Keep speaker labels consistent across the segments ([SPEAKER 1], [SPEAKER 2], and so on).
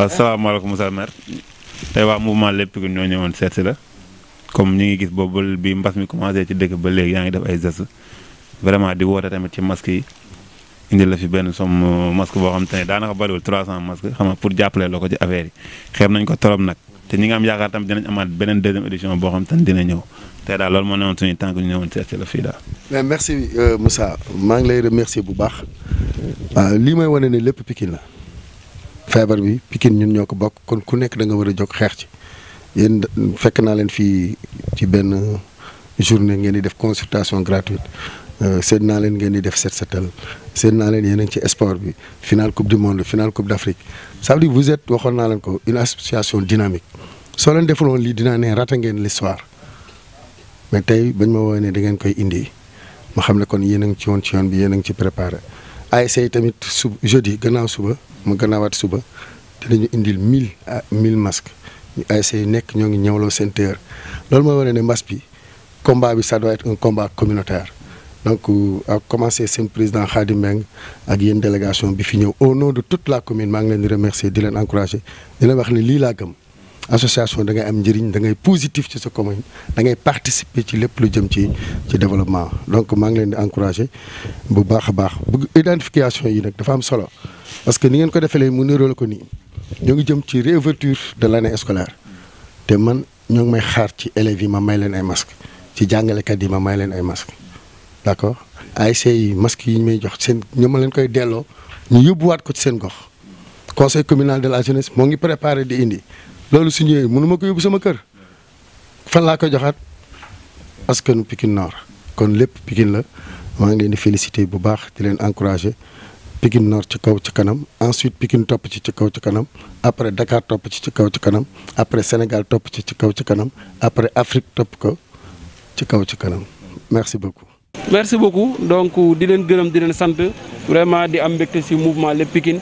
[SPEAKER 1] waaw salaamaaleykum Moussa Mer tey waa mouvement Lepp Pikine ñoo ñëwoon seet la comme ñu ngi gis boobu bi mbas mi commencé ci dëkk ba léegi yaa ngi def ay gestes vraiment di woote tamit ci masque yi indi la fi benn somme euh, masque boo xam te ne daanaka bariwul 300 masques xam nga pour jàppale la ko ci affaire yi xeeb nañ ko torop nag te ñi nga am yaakaar tamit dinañ amaat beneen deuxième édition boo xam te ne dina ñëw tey daal loolu moo newoon suñu tànk ñu newoon seet si la fii daal.
[SPEAKER 2] mais euh, maa ngi lay remercier bu baax ah, lii may wane ne Lepp Pikine la. feebar bi Pikine ñun ñoo ko bokk kon ku nekk da nga war a jóg xeex ci yéen fekk naa leen fii ci benn journée ngeen di def consultation gratuite euh, seet naa leen ngeen di def set setal seet naa leen yéen a ci sport bi final coupe du monde final coupe d' Afrique ça veut dire vous êtes waxoon naa leen ko une association dynamique soo leen defuloon lii dinaa ne rata ngeen l'histoire mais tey bañ ma woowee ne da ngeen koy indi ma xam ne kon yéen a ngi ci woon ci yoon bi yéen a ngi ci préparé. je essayé tamit jeudi gannaaw suba mu gannaawaat suba dinañu indil à ah, masques ñu a essayé nekk ñoo ngi ñëwloo loolu combat ça doit être un combat communautaire donc a euh, commencé seen président Khadim ak délégation au nom de toute la commune maa ngi leen remercier encourager di association da ngay am njëriñ da ngay positif ci sa commune da ngay participer ci lepp lu jëm ci ci développement donc ma ngi leen di encourager bu baax baax bu identification yi nak dafa am solo parce que ni ngeen ko defee léegi mu nirool ko ni ñu ngi jëm ci réouverture de l'année scolaire té man ñu ngi may xaar ci élèves yi ma may leen ay masque ci kat yi ma may leen ay masque d'accord ay yi masque yi ñu may jox seen ñoom ma leen koy delloo ñu wat ko ci seen gox conseil communal de la jeunesse moo ngi préparé di indi loolu su ñëwee mënu ma ko yóbbu sama kër fan laa koy joxaat askanu pikin Nord kon lépp pikin la maa ngi leen di féliciter bu baax di leen encourager Pikine noor ci kaw ci kanam ensuite pikin topp ci ci kaw ci kanam après dakaar topp ci ci kaw ci kanam après Sénégal topp ci ci kaw ci kanam après Afrique topp ko ci kaw ci kanam merci beaucoup.
[SPEAKER 3] merci beaucoup donc di leen gërëm di leen sant vraiment di am mbégte ci mouvement lépp Pikine.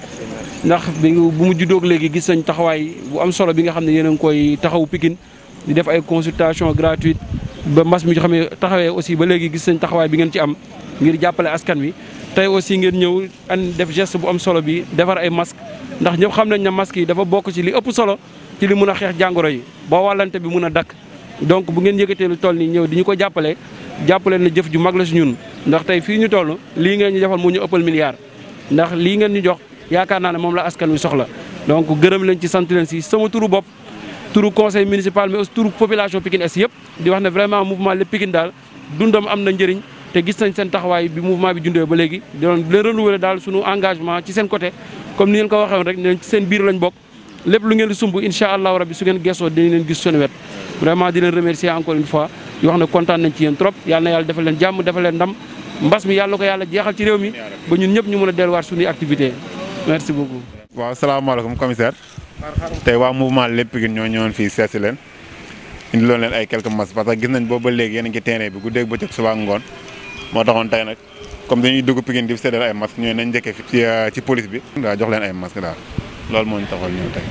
[SPEAKER 3] ndax bi bu mu juddoo léegi gis nañ taxawaay bu am solo bi nga xam ne yéen a ngi koy taxaw pikin di def ay consultation gratuite ba mbas mi xam xamee taxawee aussi ba léegi gis nañ taxawaay bi ngeen ci am ngir jàppale askan wi tey aussi ngeen ñëw an def geste bu am solo bi defar ay masque ndax ñëpp xam nañ ne masque yi dafa bokk ci li ëpp solo ci li mun a xeex jàngoro yi boo wàllante bi mun a dakk donc bu ngeen yëkkatee lu toll nii ñëw di ñu ko jàppale jàppale na jëf ju mag la si ñun ndax fii ñu toll lii ngeen ñu defal moo ñu ëppal milliard ndax lii ngeen ñu jox yakarna naa ne la askan wi soxla donc geureum leen ci sant leen ci sama turu bop turu conseil municipal mais aussi turu population Pikine Est yëpp di wax ne vraiment mouvement le Pikine dal dundam amna na njëriñ te gis nañ seen taxaway bi mouvement bi jundee ba légui di le renouveler dal suñu engagement ci seen côté comme ni ngeen ko waxé rek ci seen biir lañ bok lepp lu ngeen di sumbu inshallah allahu rabbi su ngeen gesso dinañ leen gis seen wet vraiment di leen remercier encore une fois di wax ne kontaan nañ ci yeen trop yalla na yàlla defal leen jamm defal leen ndam mbass mi yalla ko yalla jéxal ci réew mi ba ñun ñëpp ñu mëna a delluwaat suñuy activité merci beaucoup. waaw
[SPEAKER 1] salaamaaleykum commissaire. tey waa mouvement lépp Pikine ñoo ñëwoon fii seet si leen. indiloon leen ay quelques masques parce que gis nañ boobu ba léegi yéen a ngi terrain bi guddeeg bëccëg suba ngoon moo taxoon tey nag comme dañuy dugg Pikine di séddale ay masques ñooy nañ njëkkee fi ci euh, ci police bi. daa jox leen ay masques daal
[SPEAKER 4] loolu moo ñu taxoon ñëw tey.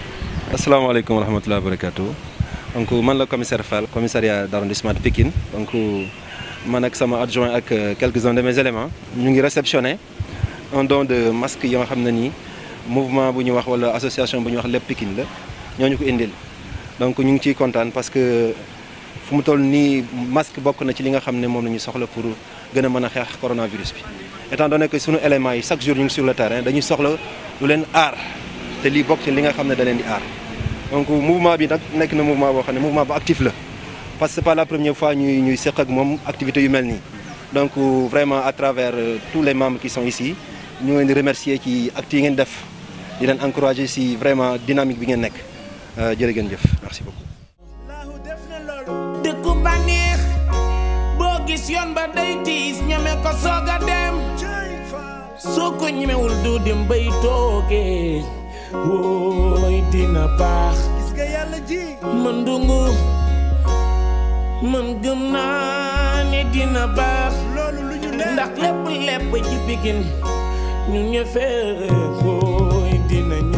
[SPEAKER 4] asalaamaaleykum wa rahmatulah barakaatu. donc man la commissaire Fall commissariat d'arrondissement de Pikine donc man ak sama adjoint ak euh, quelques-uns de mes ñu ngi réceptionné un don de masques xam ne nii. mouvement bu ñu wax wala association bu ñu wax lepp Pikine la ñoo ñu ko indil donc ñu ngi ciy content parce que fu mu toll nii masque bokk na ci li nga xam ne moom la ñu soxla pour gën a mën a xeex coronavirus bi. étant donné que suñu élément yi chaque jour ñu ngi sur le terrain dañuy soxla lu leen aar te lii bokk ci li nga xam ne da leen di aar donc mouvement bi nag nekk na mouvement boo xam ne mouvement bu actif la parce que c'est pas la première fois ñuy ñuy seq ak moom activité yu mel nii. donc vraiment à travers euh, tous les membres qui sont ici ñu ngi remercier ci actes yi ngeen def. di leen encourager si vraiment dynamique bi ngeen nekk euh, jërë ngeen jëf merci beaucoup.
[SPEAKER 3] dëkku bànneex boo gis yoon ba day tiis ñeme ko soog a dem soo ko ñemewul du dem bay toogee wóoy dina baax man dungu man gëm naa ne dina baax ndax lépp lépp ji bigin ñu ñëfee 爹娘。